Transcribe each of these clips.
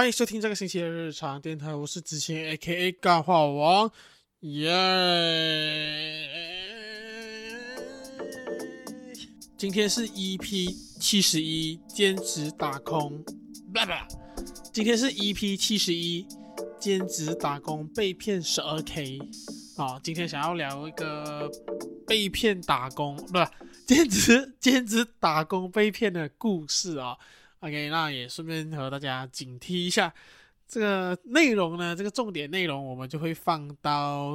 歡迎收聽這個星期的日常電台，我是子晴，A.K.A. 幹話王耶，yeah。今天是 EP 七十一兼職打工，不不。今天是 EP 七十一兼職打工被騙十二 K 啊。今天想要聊一個被騙打工，不，啊，兼職兼職打工被騙的故事啊。OK，那也順便和大家警惕一下，這個內容呢，這個重點內容我們就會放到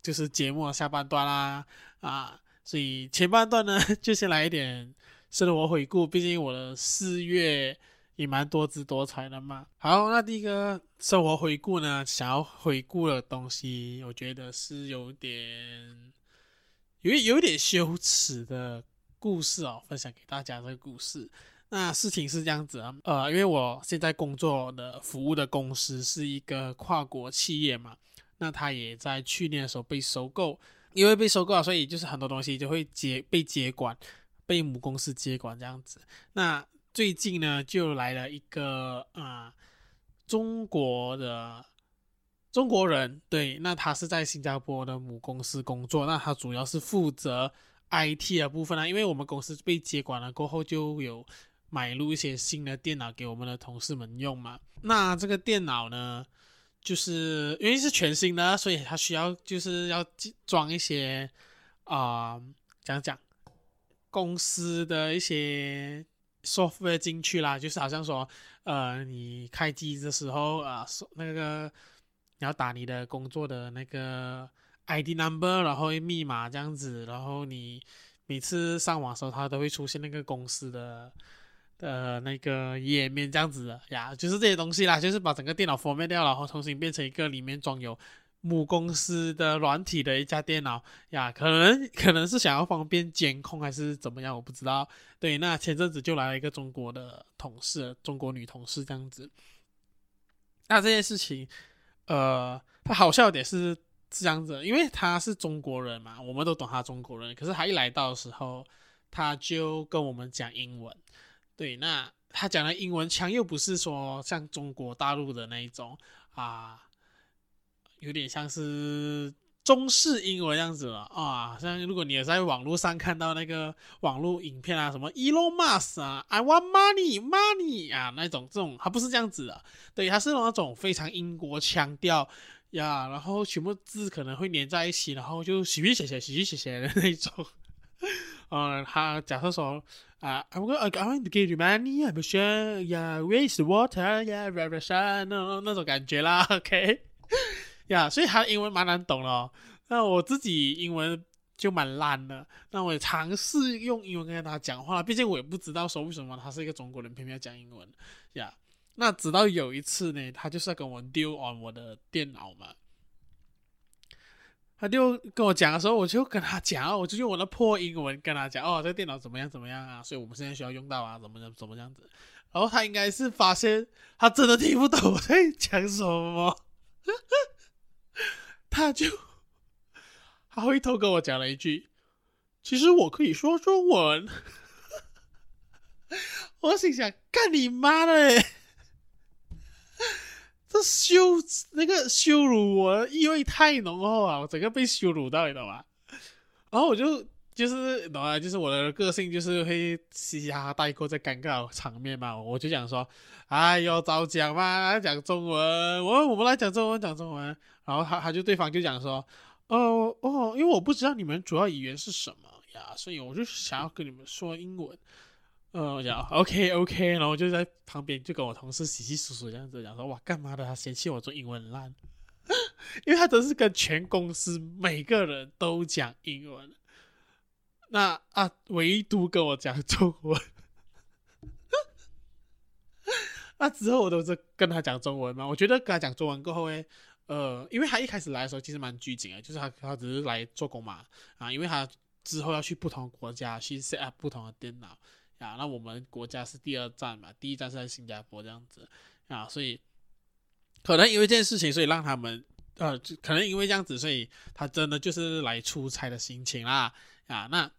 就是節目的下半段啦，啊，所以前半段呢就先來一點生活回顧，畢竟我的四月也蠻多姿多彩的嘛。好，那第一個生活回顧呢，想要回顧的東西，我覺得是有點有有點羞恥的故事哦，分享給大家這個故事。那事情是這樣子啊，呃，因為我現在工作的服務的公司是一個跨國企業嘛，那它也在去年的時候被收購，因為被收購啊，所以就是很多東西就會接被接管，被母公司接管這樣子。那最近呢，就來了一個啊、呃，中國的中國人，對，那他是在新加坡的母公司工作，那他主要是負責 IT 的部分啊，因為我們公司被接管了過後就有。買入一些新的電腦給我們的同事們用嘛。那這個電腦呢，就是因為是全新的，所以它需要就是要裝一些啊、呃，講講公司的一些 software 進去啦。就是好像說，呃，你開機的時候啊、呃，那個你要打你的工作的那個 ID number，然後密碼這樣子，然後你每次上網的時候，它都會出現那個公司的。的、呃、那個頁面這樣子的呀，就是這些東西啦，就是把整個電腦 format 掉了，然後重新變成一個裡面裝有母公司的軟體的一家電腦呀，可能可能是想要方便監控還是怎麼樣，我不知道。對，那前陣子就來了一個中國的同事，中國女同事這樣子。那這件事情，呃，他好笑點是是這樣子，因為他是中國人嘛，我們都懂他中國人，可是他一來到的時候，他就跟我們講英文。對，那他講的英文腔又不是說像中國大陸的那一種啊，有點像是中式英文樣子了啊。像如果你也在網絡上看到那個網絡影片啊，什麼 Elon Musk 啊，I want money, money 啊，那種這種他不是這樣子的，對，他是那種非常英國腔調呀，然後全部字可能會連在一起，然後就噓噓噓噓噓噓噓噓的那一種啊。他假設說。啊，I'm gonna, I'm going to give you money, I'm sure. Yeah, raise the water, yeah, sunshine，那種感覺啦，OK？Yeah, 所以他的英文蠻難懂咯、哦。那我自己英文就蠻爛的，那我也嘗試用英文跟他講話，畢竟我也不知道說，為什麼他是一個中國人偏偏要講英文。呀、yeah，那直到有一次呢，他就是要跟我 deal on 我的電腦嘛。他就跟我講的時候，我就跟他講，我就用我的破英文跟他講哦，這個、電腦怎麼樣怎麼樣啊？所以我們現在需要用到啊，怎麼怎麼怎麼樣子？然後他應該是發現他真的聽不懂我在講什麼， 他就他回頭跟我講了一句：“其實我可以說中文。 ”我心想：“幹你媽的、欸！”這羞，那個羞辱我的意味太濃厚啊！我整個被羞辱到，你知道嗎？然後我就就是懂啊，就是我的個性就是會嘻嘻哈哈帶過這尷尬場面嘛。我就講說，哎呦，早講嘛，講中文，我我們來講中文，講中文。然後他他就對方就講說，哦、呃、哦，因為我不知道你們主要語言是什麼呀，所以我就想要跟你們說英文。呃，我講 OK OK，然後就在旁邊就跟我同事洗洗疏疏，這樣子講說，哇，幹嘛的？他嫌棄我做英文爛， 因為他都是跟全公司每個人都講英文，那啊，唯獨跟我講中文。 那之後我都是跟他講中文嘛。我覺得跟他講中文過後誒，呃，因為他一開始來的時候其實蠻拘謹的，就是他他只是來做工嘛啊，因為他之後要去不同國家去 set up 不同的電腦。啊，那我們國家是第二站嘛，第一站是在新加坡這樣子，啊，所以可能因為這件事情，所以讓他們，呃，可能因為這樣子，所以他真的就是來出差的心情啦，啊，那，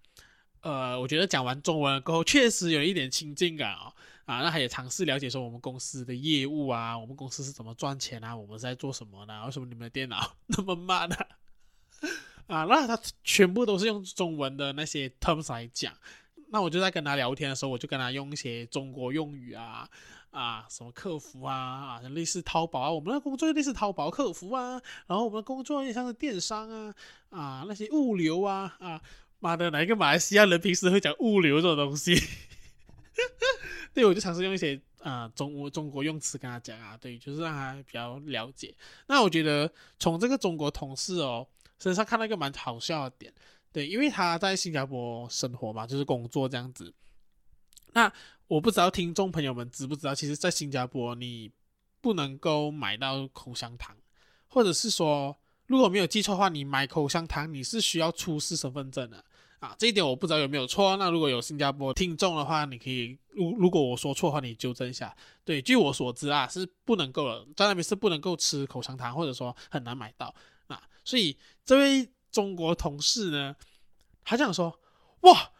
呃，我覺得講完中文了過後，確實有一點親近感哦，啊，那他也嘗試了解說我們公司的業務啊，我們公司是怎麼賺錢啊，我們是在做什麼呢？為什麼你們的電腦那麼慢呢？啊，那他全部都是用中文的那些 terms 來講。那我就在跟他聊天的時候，我就跟他用一些中國用語啊，啊，什麼客服啊，啊類似淘寶啊，我們的工作就類似淘寶客服啊，然後我們的工作也像是電商啊，啊，那些物流啊，啊，媽的，哪一個馬來西亞人平時會講物流這種東西？ 對，我就嘗試用一些啊中中國用詞跟他講啊，對，就是讓他比較了解。那我覺得從這個中國同事哦身上看到一個蠻好笑的點。對，因為他在新加坡生活嘛，就是工作這樣子。那我不知道聽眾朋友們知不知道，其實，在新加坡你不能夠買到口香糖，或者是說，如果沒有記錯的話，你買口香糖你是需要出示身份證的啊。這一點我不知道有沒有錯。那如果有新加坡聽眾的話，你可以如，如果我說錯的話，你糾正一下。對，據我所知啊，是不能夠的，在那邊是不能夠吃口香糖，或者說很難買到啊。所以這位。中國同事呢，他這樣說：“哇，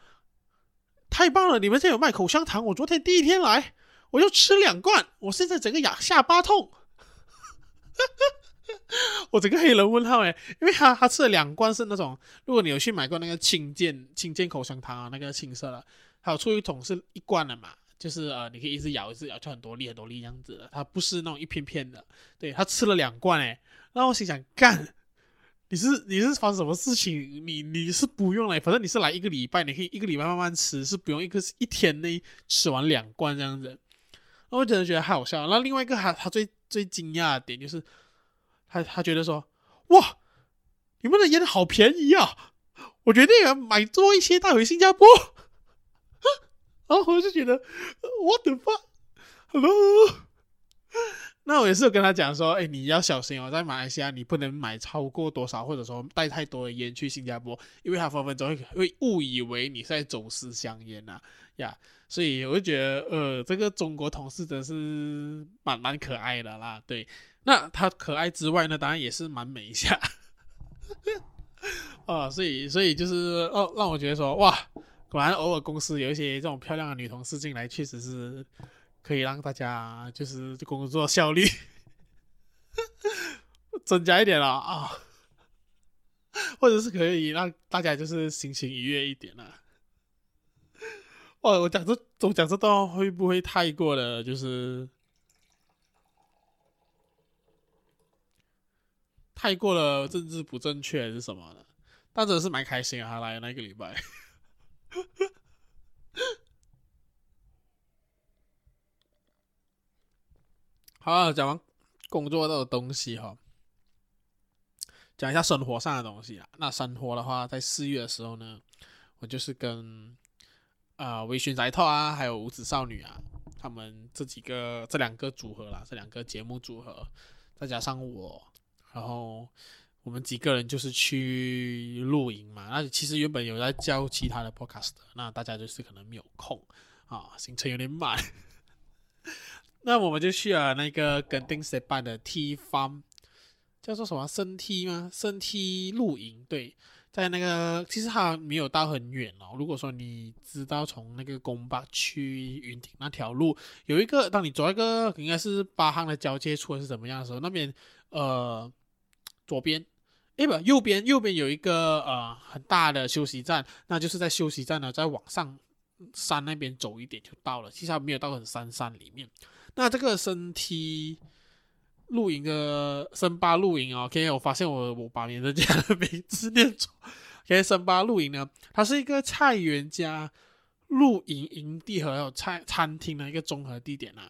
太棒了！你們這有賣口香糖？我昨天第一天來，我就吃兩罐，我現在整個牙下巴痛。 ”我整個黑人問號誒，因為他他吃了兩罐是那種，如果你有去買過那個青箭、青箭口香糖啊，那個青色的，還有出一桶是一罐的嘛，就是呃，你可以一直咬一直咬就很多粒很多粒這樣子的，它不是那種一片片的。對，他吃了兩罐誒，然後我心想，想幹。你是你是發生什麼事情？你你是不用來，反正你是來一個禮拜，你可以一個禮拜慢慢吃，是不用一個一天內吃完兩罐這樣子。然後我真的覺得還好笑。那另外一個還他，他最最驚訝的點就是，他他覺得說哇，你們的煙好便宜啊！我決定買多一些帶回新加坡。然後我就覺得 What the fuck？Hello? 那我也是有跟他講說，誒，你要小心哦，在馬來西亞你不能買超過多少，或者說帶太多的煙去新加坡，因為他分分鐘會會誤以為你是在走私香煙吶、啊、呀。Yeah, 所以我就覺得，呃，這個中國同事真是蠻蠻可愛的啦。對，那他可愛之外呢，當然也是蠻美一下，啊、 呃，所以所以就是讓、哦、讓我覺得說，哇，果然偶爾公司有一些這種漂亮的女同事進來，確實是。可以讓大家就是工作效率 增加一點啦，啊、哦，或者是可以讓大家就是心情愉悅一點啊。哇，我講這總講這段會不會太過了？就是太過了，政治不正確還是什麼的？但真的是蠻開心啊，來那個禮拜。 好、啊，講完工作的東西哈、哦，講一下生活上的東西啊。那生活的話，在四月的時候呢，我就是跟啊、呃、微醺宅兔啊，還有五指少女啊，他們這幾個這兩個組合啦，這兩個節目組合，再加上我，然後我們幾個人就是去露營嘛。那其實原本有在教其他的 podcast，那大家就是可能沒有空啊、哦，行程有點滿。那我們就去啊，那個跟定是辦的梯方，叫做什麼？升梯嗎？升梯露營，對，在那個其實它沒有到很遠哦。如果說你知道從那個拱巴去雲頂那條路，有一個當你走一個應該是彭亨的交界處，是怎麼樣的時候？那邊呃，左邊哎不，右邊右邊有一個呃很大的休息站，那就是在休息站呢，再往上山那邊走一點就到了，其實它沒有到很山山裡面。那這個身梯露營的森巴露營哦，OK，我發現我我把你的家的名字念錯。OK，森巴露營呢，它是一個菜園加露營營地和還有菜餐餐廳的一個綜合地點吶、啊。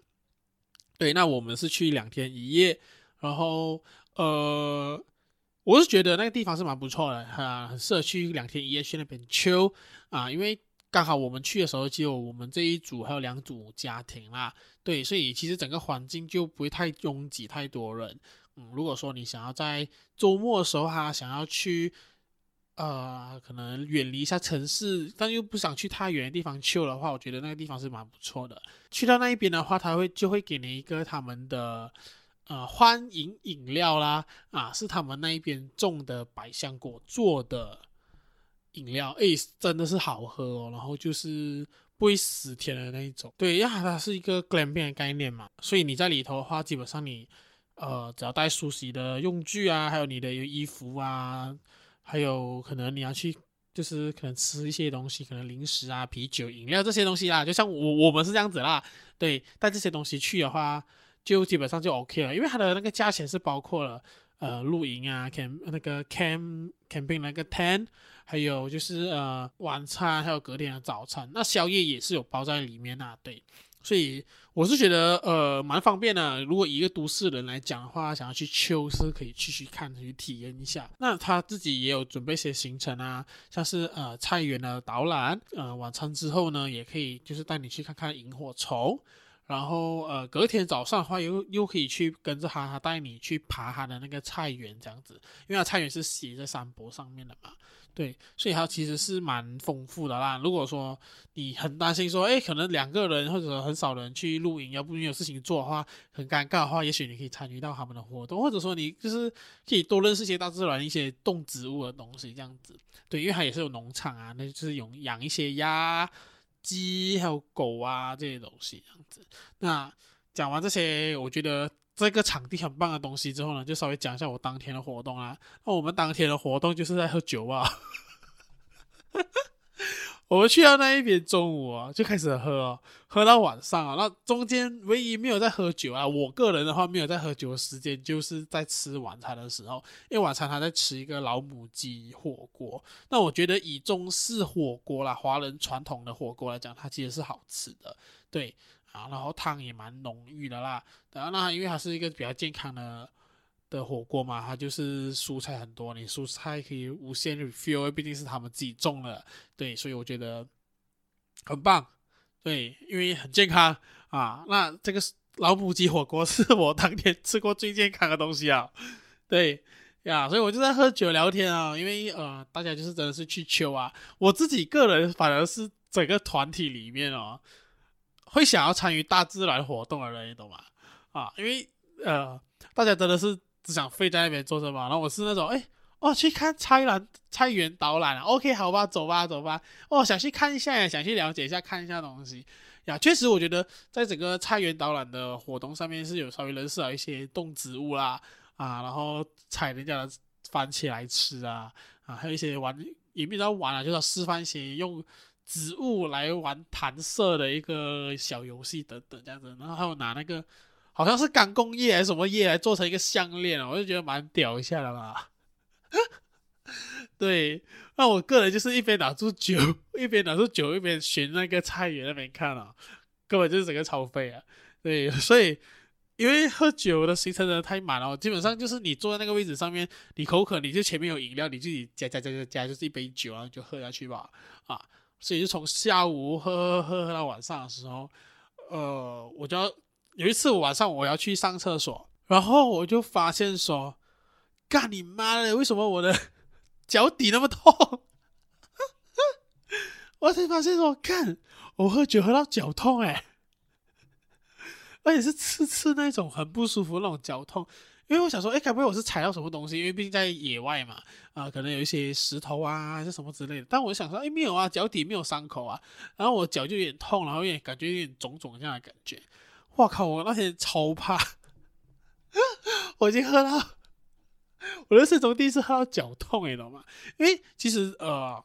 對，那我們是去兩天一夜，然後呃，我是覺得那個地方是蠻不錯的哈，啊、很適合去兩天一夜去那邊 chill 啊，因為。剛好我們去的時候只有我們這一組，還有兩組家庭啦，對，所以其實整個環境就不會太擁擠，太多人。嗯，如果說你想要在周末的時候哈、啊，想要去，呃，可能遠離一下城市，但又不想去太遠的地方去的話，我覺得那個地方是蠻不錯的。去到那一邊的話，他會就會給你一個他們的呃歡迎飲料啦，啊，是他們那一邊種的百香果做的。飲料誒、欸，真的是好喝哦，然後就是不會死甜的那一種。對，因為它是一個 glamping 的概念嘛，所以你在裡頭的話，基本上你呃，只要帶梳洗的用具啊，還有你的衣服啊，還有可能你要去就是可能吃一些東西，可能零食啊、啤酒、飲料這些東西啊，就像我我們是這樣子啦。對，帶這些東西去的話，就基本上就 OK 了，因為它的那個價錢是包括了呃露營啊、cam 那個 cam camping 那個 tent。還有就是呃晚餐，還有隔天的早餐，那宵夜也是有包在裡面啊，對，所以我是覺得呃蠻方便的。如果一個都市人來講的話，想要去秋是可以去去看去體驗一下。那他自己也有準備一些行程啊，像是呃菜園的導覽，呃晚餐之後呢，也可以就是帶你去看看螢火蟲。然後呃隔天早上的話，又又可以去跟着他，他帶你去爬他的那個菜園這樣子，因為他菜園是斜在山坡上面的嘛。對，所以它其實是蠻豐富的啦。如果說你很擔心說，哎，可能兩個人或者很少人去露營，要不然沒有事情做的話，很尷尬的話，也許你可以參與到他們的活動，或者說你就是可以多認識一些大自然一些動植物的東西這樣子。對，因為它也是有農場啊，那就是有養一些鴨、雞還有狗啊這些東西這樣子。那講完這些，我覺得。這個場地很棒的東西之後呢，就稍微講一下我當天的活動啊。那、哦、我們當天的活動就是在喝酒啊。 我們去到那一邊，中午啊就開始喝，喝到晚上啊。那中間唯一沒有在喝酒啊，我個人的話沒有在喝酒的時間，就是在吃晚餐的時候，因為晚餐他在吃一個老母雞火鍋。那我覺得以中式火鍋啦，華人傳統的火鍋來講，它其實是好吃的，對啊，然後湯也蠻濃郁的啦。然後那因為它是一個比較健康的。的火鍋嘛，它就是蔬菜很多，你蔬菜可以無限 refill，畢竟是他們自己種的，對，所以我覺得很棒，對，因為很健康啊。那這個老母雞火鍋是我當天吃過最健康的東西啊，對呀，所以我就在喝酒聊天啊，因為呃，大家就是真的是去秋啊，我自己個人反而是整個團體裡面哦，會想要參與大自然活動的人，你懂嗎？啊，因為呃，大家真的是。只想飛在那邊做什麼？然後我是那種，哎、欸，哦，去看菜園菜園導覽啊，OK，好吧，走吧走吧，哦，想去看一下呀，想去了解一下看一下東西呀。確實，我覺得在整個菜園導覽的活動上面是有稍微認識了一些動植物啦，啊，然後採人家的番茄來吃啊，啊，還有一些玩也不知道玩啊，就是要示範型用植物來玩彈射的一個小遊戲等等這樣子，然後還有拿那個。好像是乾工業還是什麼業，來做成一個項鏈、哦、我就覺得蠻屌一下的嘛。 對，那我個人就是一邊拿住酒，一邊拿住酒，一邊尋那個菜園那邊看啊、哦，根本就是整個超飛啊。對，所以因為喝酒的行程呢太滿了、哦，基本上就是你坐在那個位置上面，你口渴你就前面有飲料，你自己加加加加加就是一杯酒啊，就喝下去吧。啊，所以就從下午喝喝喝喝到晚上的時候，呃，我就要。有一次晚上我要去上廁所，然後我就發現說：“幹你媽的，為什麼我的腳底那麼痛？” 我才發現說：“幹，我喝酒喝到腳痛哎、欸，而且是刺刺那種很不舒服那種腳痛。”因為我想說：“哎，該不會我是踩到什麼東西？”因為畢竟在野外嘛，啊、呃，可能有一些石頭啊，什麼之類的。但我想說：“哎，沒有啊，腳底沒有傷口啊。”然後我腳就有點痛，然後也感覺有點腫腫這樣的感覺。我靠！我那天超怕， 我已經喝到，我人生中第一次喝到腳痛，你懂嗎？因為其實呃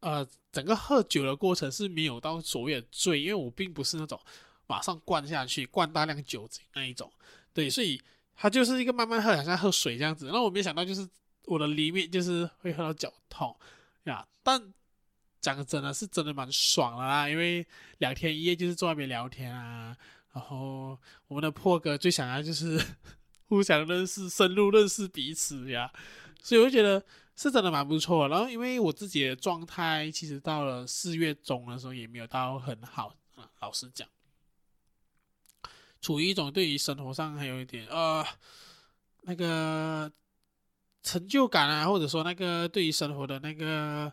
呃，整個喝酒的過程是沒有到所謂的醉，因為我並不是那種馬上灌下去、灌大量酒精那一種。對，所以它就是一個慢慢喝，好像喝水這樣子。然後我沒想到，就是我的 limit 就是會喝到腳痛呀、啊。但講真的，是真的蠻爽的啦，因為兩天一夜就是坐在那邊聊天啊。然後我們的破格最想要就是互相認識、深入認識彼此呀，所以我覺得是真的蠻不錯的。然後因為我自己的狀態，其實到了四月中的時候也沒有到很好，老實講，處於一種對於生活上還有一點呃那個成就感啊，或者說那個對於生活的那個。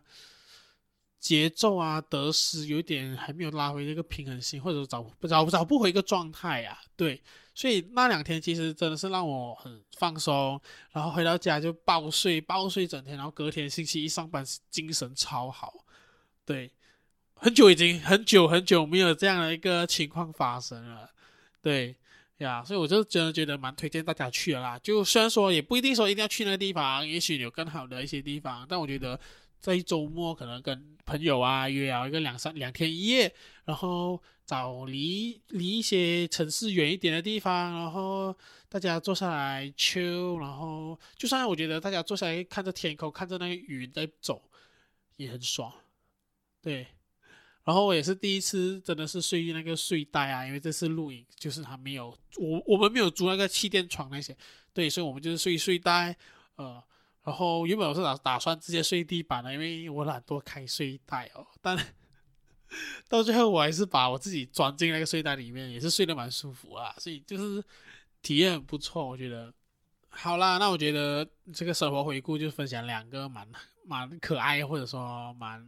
節奏啊，得失有一點還沒有拉回那個平衡性，或者說找不找，找不回一個狀態呀、啊。對，所以那兩天其實真的是讓我很放鬆，然後回到家就暴睡暴睡一整天，然後隔天星期一上班精神超好。對，很久已經很久很久沒有這樣的一個情況發生了。對呀，所以我就真的覺得蠻推薦大家去的啦。就雖然說也不一定說一定要去那個地方，也許有更好的一些地方，但我覺得。在周末可能跟朋友啊約一個兩三兩天一夜，然後找離離一些城市遠一點的地方，然後大家坐下來 chill，然後就算我覺得大家坐下來看着天空，看着那個雲在走，也很爽。對，然後我也是第一次，真的是睡那個睡袋啊，因為這次露營就是還沒有我我們沒有租那個氣墊床那些，對，所以我們就是睡睡袋，呃。然後原本我是打打算直接睡地板的，因為我懶惰開睡袋哦。但到最後我還是把我自己裝進那個睡袋裡面，也是睡得蠻舒服啊，所以就是體驗很不錯，我覺得。好啦，那我覺得這個生活回顧就分享兩個蠻蠻可愛或者說蠻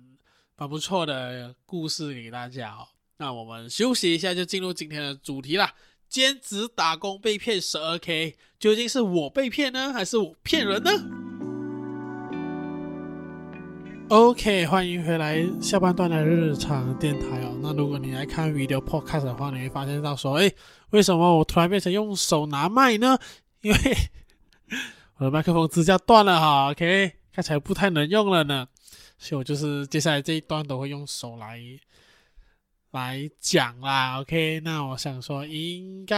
蠻不錯的故事給大家哦。那我們休息一下，就進入今天的主題啦。兼職打工被騙 12K，究竟是我被騙呢？還是我騙人呢？嗯 OK，歡迎回來下半段的日常電台哦。那如果你來看 Video Podcast 的話，你會發現到說，哎，為什麼我突然變成用手拿麥呢？因為我的麥克風支架斷了哈。OK，看起來不太能用了呢，所以我就是接下來這一段都會用手來來講啦。OK，那我想說應該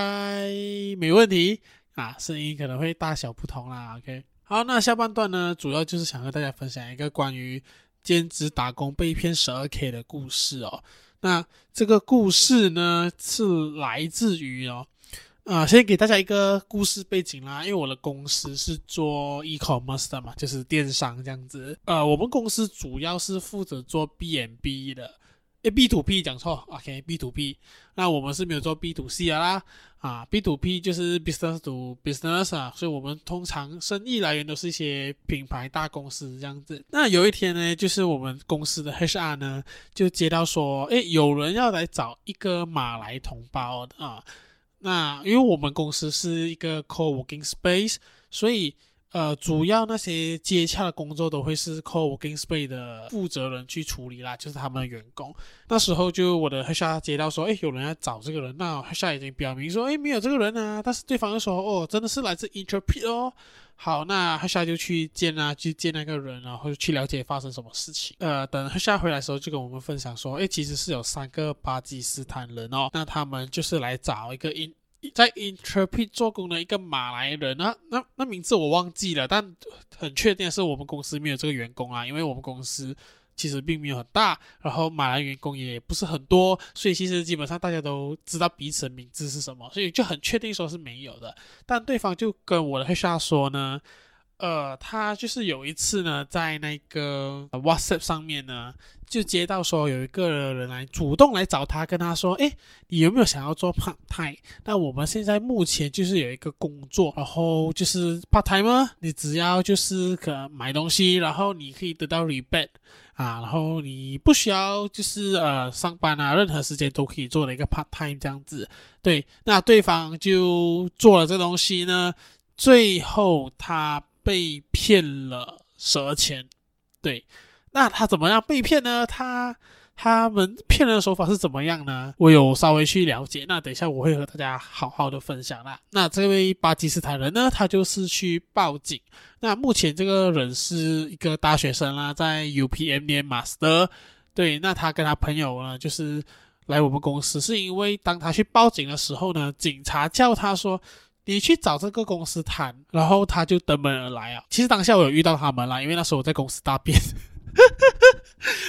沒問題啊，聲音可能會大小不同啦。OK，好，那下半段呢，主要就是想和大家分享一個關於。兼職打工被騙 12K 的故事哦。那這個故事呢，是來自於哦，呃，先給大家一個故事背景啦，因為我的公司是做 e-commerce 的嘛，就是電商這樣子，呃，我們公司主要是負責做 B2B 的。誒，B to B 講錯，OK，B to B。那我們是沒有做 B to C 的啦，啊，B to B 就是 business to business，啊。所以我們通常生意來源都是一些品牌大公司這樣子。那有一天呢，就是我們公司的 HR 呢就接到說，誒，有人要來找一個馬來同胞啊，那因為我們公司是一個 co-working space，所以。呃，主要那些接洽的工作都會是靠 g a i n s p a y 的負責人去處理啦，就是他們的員工。那時候就我的 h 下接到說，誒，有人來找這個人，那 h 下已經表明說，誒，沒有這個人啊。但是對方又說，哦，真的是來自 i n t r r p 哦。好，那 h 下就去見啊，去見那個人，然後去了解發生什麼事情。呃，等 h 下回來的時候就跟我們分享說，誒，其實是有三個巴基斯坦人哦，那他們就是來找一個 In。在 Intrepid 做工的一個馬來人啊，那那,那名字我忘記了，但很確定是我們公司沒有這個員工啊，因為我們公司其實並沒有很大，然後馬來員工也不是很多，所以其實基本上大家都知道彼此的名字是什麼，所以就很確定說是沒有的。但對方就跟我的 HR 說呢。呃，他就是有一次呢，在那個 WhatsApp 上面呢，就接到說有一個人來主動來找他，跟他說：“哎，你有沒有想要做 part time？那我們現在目前就是有一個工作，然後就是 part time 嗎？你只要就是可能買東西，然後你可以得到 rebate 啊，然後你不需要就是呃上班啊，任何時間都可以做的一個 part time 這樣子。對，那對方就做了這東西呢，最後他被騙了 12k 錢，對，那他怎麼樣被騙呢？他他們騙人的手法是怎麼樣呢？我有稍微去了解，那等一下我會和大家好好的分享啦。那這位巴基斯坦人呢，他就是去報警。那目前這個人是一個大學生啦，在 UPM 念 Master，對，那他跟他朋友呢，就是來我們公司，是因為當他去報警的時候呢，警察叫他說，你去找這個公司談，然後他就登門而來啊！其實當下我有遇到他們啦，因為那時候我在公司大便，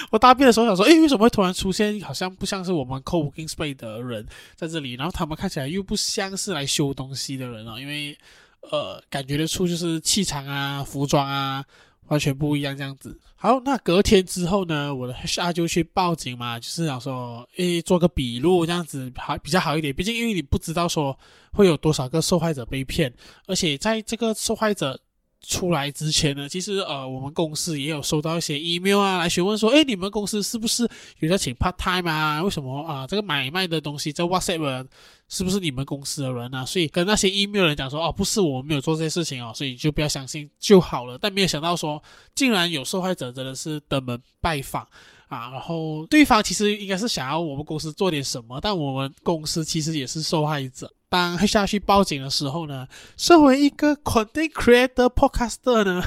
我大便的時候想說，哎，為什麼會突然出現？好像不像是我們 coworking space 的人在這裡，然後他們看起來又不像是來修東西的人啊，因為呃，感覺得出就是氣場啊、服裝啊。完全不一樣這樣子。好，那隔天之後呢，我的 HR 就去報警嘛，就是想說，誒，做個筆錄這樣子好，還比較好一點。畢竟因為你不知道說會有多少個受害者被騙，而且在這個受害者。出來之前呢，其實呃，我們公司也有收到一些 email 啊，來詢問說，哎，你們公司是不是有在請 part time 啊？為什麼啊、呃？這個買賣的東西在 WhatsApp 人，是不是你們公司的人啊？所以跟那些 email 人講說，哦，不是我，我們沒有做這些事情哦、啊，所以就不要相信就好了。但沒有想到說，竟然有受害者真的是登門拜訪。啊，然後對方其實應該是想要我們公司做點什麼，但我們公司其實也是受害者。當下去報警的時候呢，身為一個 content creator，podcaster 呢。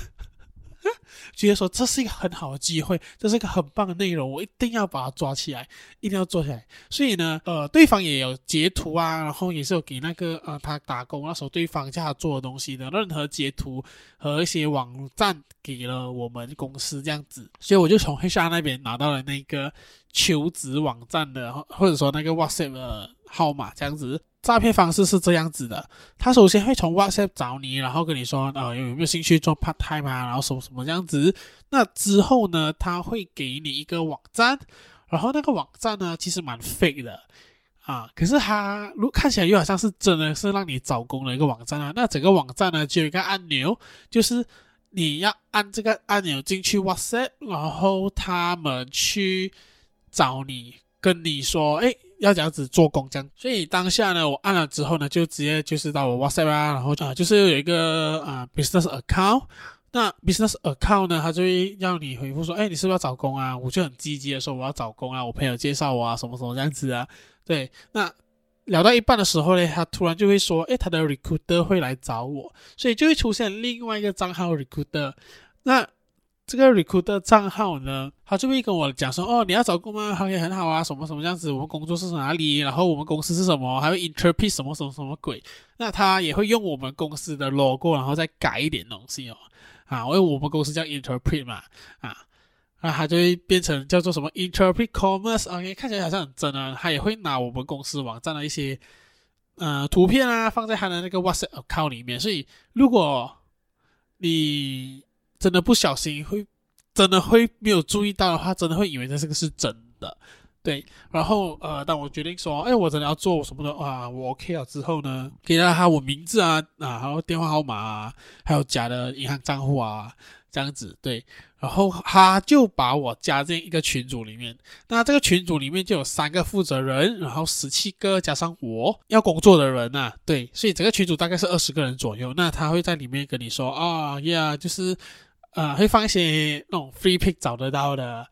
直接說這是一個很好的機會，這是一個很棒的內容，我一定要把它抓起來，一定要做起來。所以呢，呃，對方也有截圖啊，然後也是有給那個呃他打工那時候對方叫他做的東西的任何截圖和一些網站給了我們公司這樣子。所以我就從 HR 那邊拿到了那個求職網站的，或者說那個 WhatsApp 的號碼這樣子。詐騙方式是這樣子的，他首先會從 WhatsApp 找你，然後跟你說，呃，有沒有興趣做 part time 啊，然後什麼什麼這樣子。那之後呢，他會給你一個網站，然後那個網站呢，其實蠻 fake 的啊，可是他如看起來又好像是真的是讓你找工的一個網站啊。那整個網站呢，就有一個按鈕，就是你要按這個按鈕進去 WhatsApp，然後他們去找你，跟你說，哎。要這樣子做工這樣，所以當下呢，我按了之後呢，就直接就是到我 WhatsApp 啊，然後啊、呃，就是有一個呃 business account，那 business account 呢，他就會要你回復說，哎，你是不是要找工啊？我就很積極的說我要找工啊，我朋友介紹我啊，什麼什麼這樣子啊，對，那聊到一半的時候呢，他突然就會說，哎，他的 recruiter 會來找我，所以就會出現另外一個賬號 recruiter，那。這個 recruiter 賬號呢，他就會跟我講說，哦，你要找工作嗎？行、okay, 業很好啊，什麼什麼樣子。我們工作是哪裡？然後我們公司是什麼？還會 interpret 什麼什麼什麼鬼？那他也會用我們公司的 logo，然後再改一點東西哦。啊，因為我們公司叫 interpret 嘛，啊，那、啊、他就會變成叫做什麼 interpret commerce、啊。OK，看起來好像很真啊。他也會拿我們公司網站的一些呃圖片啊，放在他的那個 WhatsApp account 裡面。所以如果你真的不小心會，真的會沒有注意到的話，真的會以為這是個是真的，對。然後呃，當我決定說，哎，我真的要做什麼的啊，我 OK 了之後呢，給了他我名字啊，啊，還有電話號碼啊，還有假的銀行賬戶啊，這樣子，對。然後他就把我加進一個群組裡面。那這個群組裡面就有三個負責人，然後十七個加上我要工作的人吶、啊，對。所以整個群組大概是二十個人左右。那他會在裡面跟你說啊，呀、yeah，就是。呃，會放一些那種 free pick 找得到的，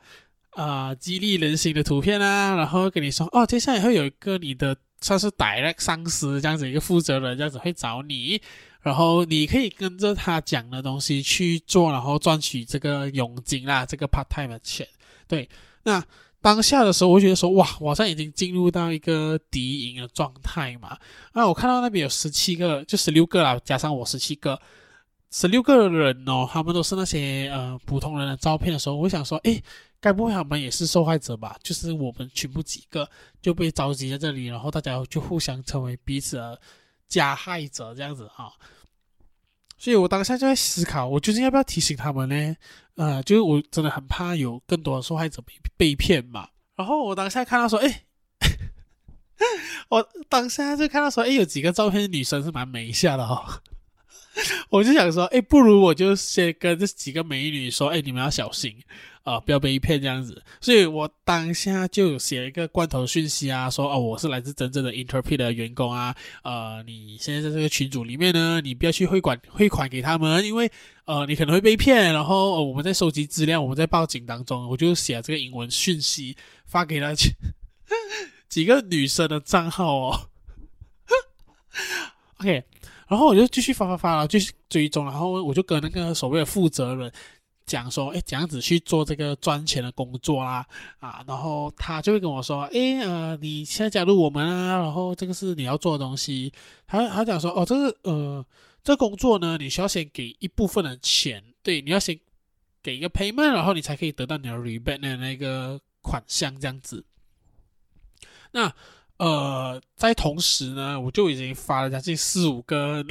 呃，激勵人心的圖片啊，然後跟你說，哦，接下來會有一個你的算是 direct 上司這樣子一個負責人這樣子會找你，然後你可以跟着他講的東西去做，然後賺取這個佣金啦，這個 part time 的錢。對，那當下的時候，我覺得說，哇，我好像已經進入到一個敵營的狀態嘛。那我看到那邊有十七個，就十六個啦，加上我十七個。十六個人哦，他們都是那些呃普通人的照片的時候，我想說，哎，該不會他們也是受害者吧？就是我們全部幾個就被召集在這裡，然後大家就互相成為彼此的加害者這樣子哈、哦，所以我當下就在思考，我究竟要不要提醒他們呢？呃，就是我真的很怕有更多的受害者被被騙嘛。然後我當下看到說，哎， 我當下就看到說，哎，有幾個照片女生是蠻美一下的哦。 我就想說，哎，不如我就先跟這幾個美女說，哎，你們要小心啊，呃，不要被騙這樣子。所以我當下就寫了一個罐頭訊息啊，說哦，我是來自真正的 Interp 的員工啊，呃，你現在在這個群組裡面呢，你不要去匯款匯款給他們，因為呃，你可能會被騙。然後我們在收集資料，我們在報警當中，我就寫了這個英文訊息發給他去。幾個女生的賬號哦。 OK。然後我就繼續發發發了，繼續追蹤，然後我就跟那個所謂的負責人講說：“哎，怎樣子去做這個賺錢的工作啦？啊，然後他就會跟我說：“哎，呃，你現在加入我們啊，然後這個是你要做的東西。他”他他講說：“哦，這個呃，這工作呢，你需要先給一部分的錢，對，你要先給一個 payment，然後你才可以得到你的 rebate 的那個款項，這樣子。那”那呃，在同時呢，我就已經發了將近四五個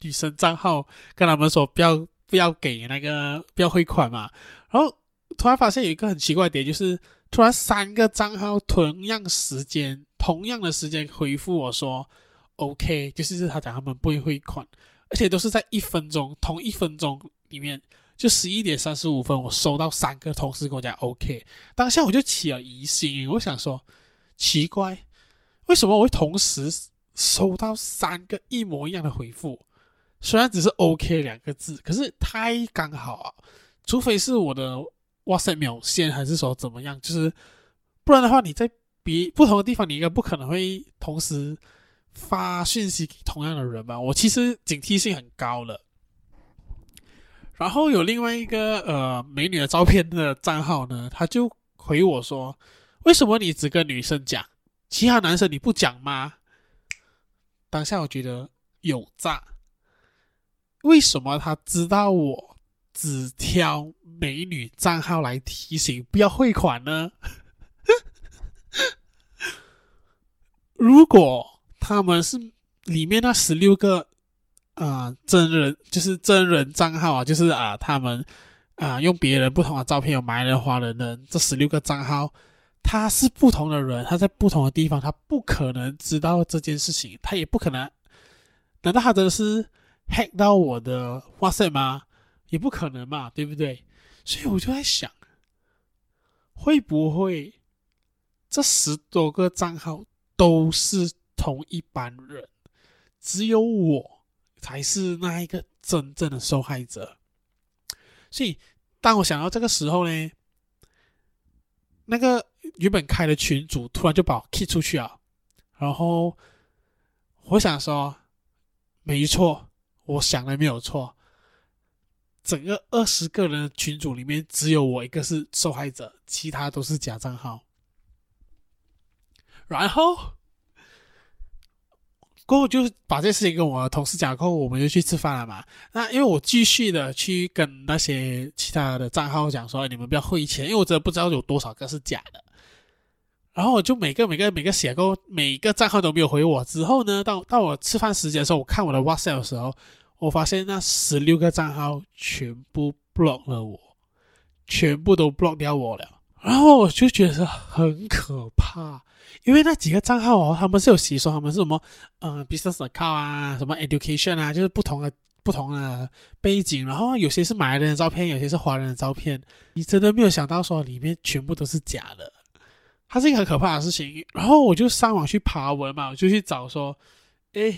女生賬號，跟他們說不要不要給那個不要匯款嘛。然後突然發現有一個很奇怪的點，就是突然三個賬號同樣時間同樣的時間回復我說 OK，就是他講他們不會匯款，而且都是在一分鐘同一分鐘裡面，就十一點三十五分，我收到三個同時跟我講 OK，當下我就起了疑心，我想說奇怪。為什麼我會同時收到三個一模一樣的回復？雖然只是 “OK” 兩個字，可是太剛好啊！除非是我的 WhatsApp 沒有線，還是說怎麼樣？就是不然的話，你在別不同的地方，你應該不可能會同時發訊息給同樣的人吧？我其實警惕性很高了。然後有另外一個呃美女的照片的賬號呢，他就回我說：“為什麼你只跟女生講？”其他男生你不講嗎？當下我覺得有詐，為什麼他知道我只挑美女賬號來提醒不要匯款呢？ 如果他們是裡面那十六個啊、呃、真人，就是真人賬號啊，就是啊、呃、他們啊、呃、用別人不同的照片有馬來人、華人的這十六個賬號。他是不同的人，他在不同的地方，他不可能知道這件事情，他也不可能。難道他真的是 hack 到我的 WhatsApp 嗎？也不可能嘛，對不對？所以我就在想，會不會這十多個賬號都是同一班人，只有我才是那一個真正的受害者？所以，當我想到這個時候呢，那個原本開的群主突然就把我踢出去啊，然後我想說，沒錯，我想的沒有錯，整個二十個人的群組裡面只有我一個是受害者，其他都是假賬號，然後。過後就是把這事情跟我同事講，過後我們就去吃飯了嘛。那因為我繼續的去跟那些其他的賬號講說，你們不要匯錢，因為我真的不知道有多少個是假的。然後我就每個每個每個寫過，每個賬號都沒有回我。之後呢，到到我吃飯時間的時候，我看我的 WhatsApp 的時候，我發現那十六個賬號全部 block 了我，全部都 block 掉我了。然後我就覺得很可怕，因為那幾個賬號哦，他們是有洗刷，他們是什麼，嗯，呃，business account 啊，什麼 education 啊，就是不同的不同的背景，然後有些是馬來人的照片，有些是華人的照片，你真的沒有想到說裡面全部都是假的，它是一個很可怕的事情。然後我就上網去爬文嘛，我就去找說，哎，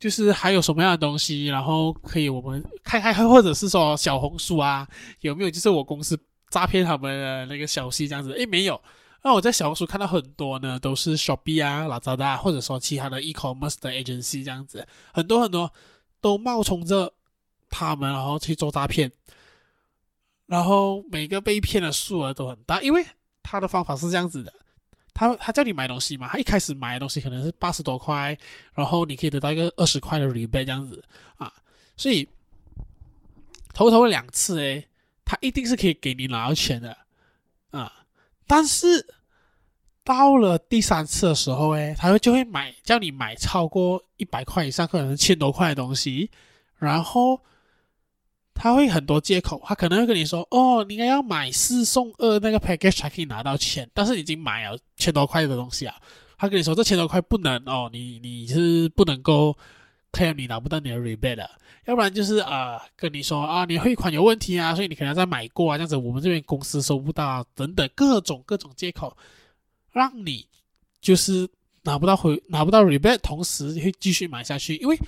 就是還有什麼樣的東西，然後可以我們看看，或者是說小紅書啊，有沒有就是我公司，詐騙他們的那個消息這樣子？欸，沒有。那、啊、我在小紅書看到很多呢，都是 Shopee 啊、Lazada、啊、或者說其他的 e-commerce 的 agency 這樣子，很多很多都冒充着他們，然後去做詐騙。然後每個被騙的數額都很大，因為他的方法是這樣子的：他他叫你買東西嘛，他一開始買的東西可能是八十多塊，然後你可以得到一個二十塊的 rebate 這樣子啊，所以投投了兩次誒。他一定是可以給你拿到錢的，啊、嗯！但是到了第三次的時候、欸，哎，他會就會買叫你買超過一百塊以上，可能是千多塊的東西，然後他會很多借口，他可能會跟你說：“哦，你應該要買四送二那個 package 才可以拿到錢，但是已經買了千多塊的東西啊。”他跟你說：“這千多塊不能哦，你你是不能夠。”還有你拿不到你的 rebate、啊、要不然就是啊、呃，跟你說啊，你匯款有問題啊，所以你可能要再買過啊，這樣子我們這邊公司收不到、啊、等等各種各種借口，讓你就是拿不到回拿不到 rebate，同時會繼續買下去。因為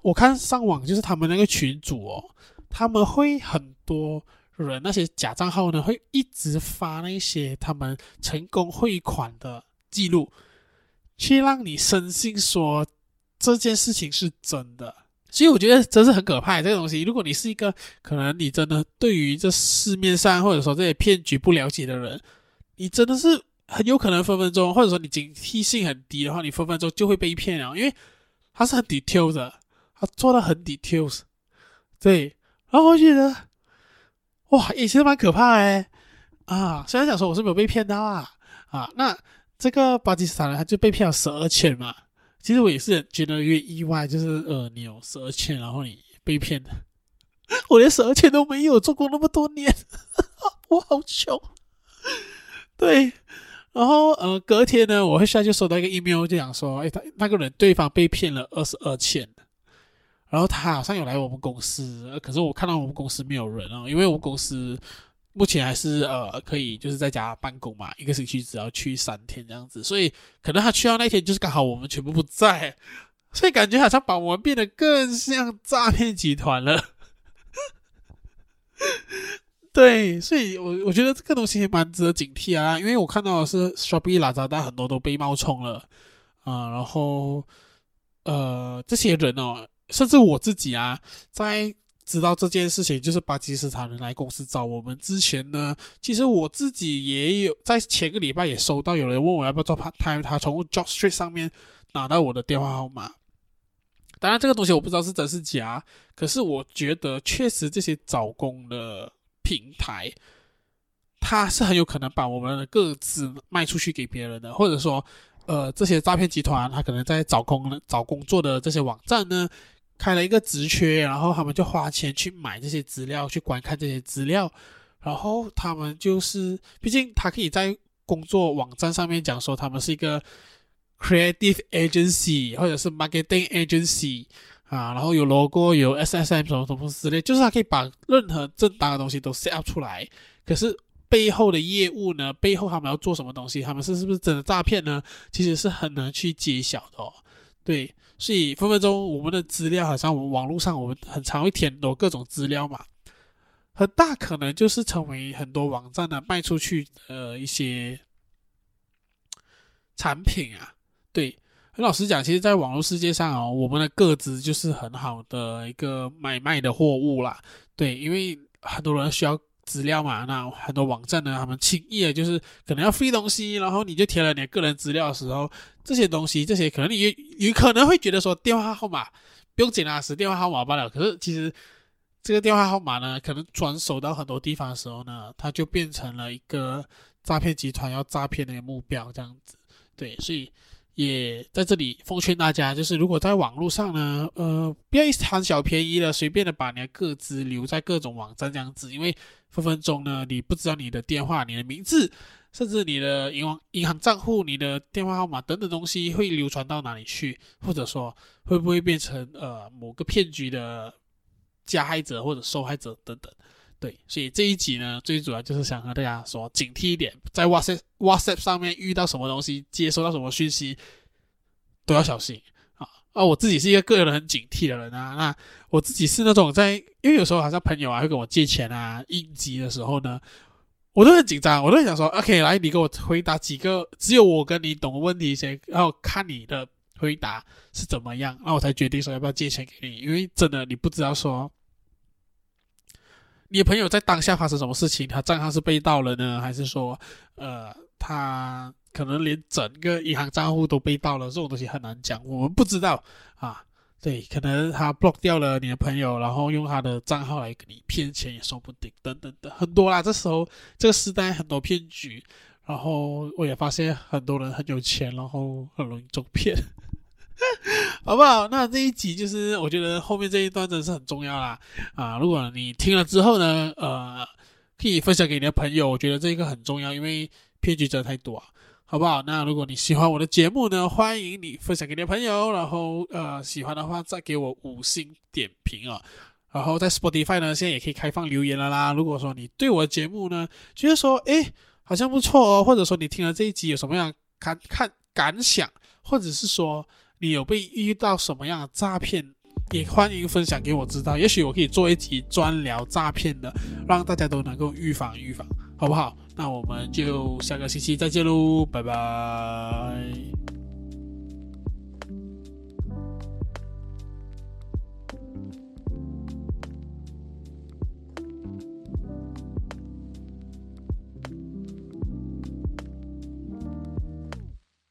我看上網就是他們那個群組哦，他們會很多人那些假賬號呢，會一直發那些他們成功匯款的記錄，去讓你深信說。這件事情是真的，所以我覺得真是很可怕。這個東西，如果你是一個可能你真的對於這市面上或者說這些騙局不了解的人，你真的是很有可能分分鐘，或者說你警惕性很低的話，你分分鐘就會被騙啊。因為他是很 detail 的，他做到很 details，對。然後我覺得，哇，以前蠻可怕哎啊。雖然講說我是沒有被騙到啊啊，那這個巴基斯坦人他就被騙了十二千嘛。其實我也是覺得有點意外，就是呃，你有十二千，然後你被騙的，我連十二千都沒有，做過那麼多年， 我好窮。對，然後呃，隔天呢，我會下就收到一個 email，就想說，哎、欸，他那個人對方被騙了二十二千，然後他好像有來我們公司，可是我看到我們公司沒有人啊，因為我們公司。目前還是呃可以，就是在家辦公嘛，一個星期只要去三天這樣子，所以可能他去到那一天，就是剛好我們全部不在，所以感覺好像把我們變得更像詐騙集團了。 對，所以我我覺得這個東西也蠻值得警惕啊，因為我看到的是 Shopee、Lazada 很多都被冒充了啊，呃，然後呃這些人哦，甚至我自己啊，在。知道這件事情，就是巴基斯坦人來公司找我們之前呢，其實我自己也有在前個禮拜也收到有人問我要不要做 part-time，他他從 JobStreet 上面拿到我的電話號碼。當然這個東西我不知道是真是假，可是我覺得確實這些找工的平台，他是很有可能把我們的個資賣出去給別人的，或者說，呃，這些詐騙集團他可能在找工找工作的這些網站呢。開了一個職缺，然後他們就花錢去買這些資料，去觀看這些資料，然後他們就是，畢竟他可以在工作網站上面講說他們是一個 creative agency 或者是 marketing agency 啊，然後有 logo，有 SSM 什麼什麼之類，就是他可以把任何正當的東西都 set up 出來。可是背後的業務呢？背後他們要做什麼東西？他們是是不是真的詐騙呢？其實是很難去揭曉的哦，對。所以分分鐘，我們的資料，好像我們網絡上，我們很常會填多各種資料嘛，很大可能就是成為很多網站的賣出去的一些產品啊。對，很老實講，其實，在網絡世界上哦，我們的個資就是很好的一個買賣的貨物啦。對，因為很多人需要。資料嘛，那很多網站呢，他們輕易的，就是可能要 free 東西，然後你就填了你的個人資料的時候，這些東西，這些可能你有可能會覺得說電話號碼不用緊啊，是電話號碼罷了。可是其實這個電話號碼呢，可能轉手到很多地方的時候呢，它就變成了一個詐騙集團要詐騙的目標，這樣子，對，所以。也在這裡奉勸大家，就是如果在網絡上呢，呃，不要一貪小便宜了，隨便的把你的個資留在各種網站這樣子，因為分分鐘呢，你不知道你的電話、你的名字，甚至你的銀行銀行賬戶、你的電話號碼等等東西會流傳到哪裡去，或者說會不會變成呃某個騙局的加害者或者受害者等等。對，所以這一集呢，最主要就是想和大家說，警惕一點，在 WhatsApp, WhatsApp 上面遇到什麼東西，接收到什麼訊息，都要小心啊！啊，我自己是一個個人很警惕的人啊，那、啊、我自己是那種在，因為有時候好像朋友啊會跟我借錢啊，應急的時候呢，我都很緊張，我都很想說，OK，來，你給我回答幾個只有我跟你懂的問題先，然後看你的回答是怎麼樣，那、啊、我才決定說要不要借錢給你，因為真的你不知道說。你朋友在當下發生什麼事情？他賬號是被盜了呢，還是說，呃，他可能連整個銀行賬戶都被盜了？這種東西很難講，我們不知道啊。對，可能他 block 掉了你的朋友，然後用他的賬號來給你騙錢，也說不定。等等的很多啦。這時候這個時代很多騙局，然後我也發現很多人很有錢，然後很容易中騙。 好不好？那這一集就是我覺得後面這一段真是很重要啦啊、呃！如果你聽了之後呢，呃，可以分享給你的朋友，我覺得這個很重要，因為騙局真的太多啊，好不好？那如果你喜歡我的節目呢，歡迎你分享給你的朋友，然後呃，喜歡的話再給我五星點評啊！然後在 Spotify 呢，現在也可以開放留言了啦。如果說你對我的節目呢，覺得說，誒，好像不錯哦，或者說你聽了這一集有什麼樣看感感想，或者是說。你有被遇到什麼樣的詐騙？也歡迎分享給我知道，也許我可以做一集專聊詐騙的，讓大家都能夠預防預防，好不好？那我們就下個星期再見嘍，拜拜！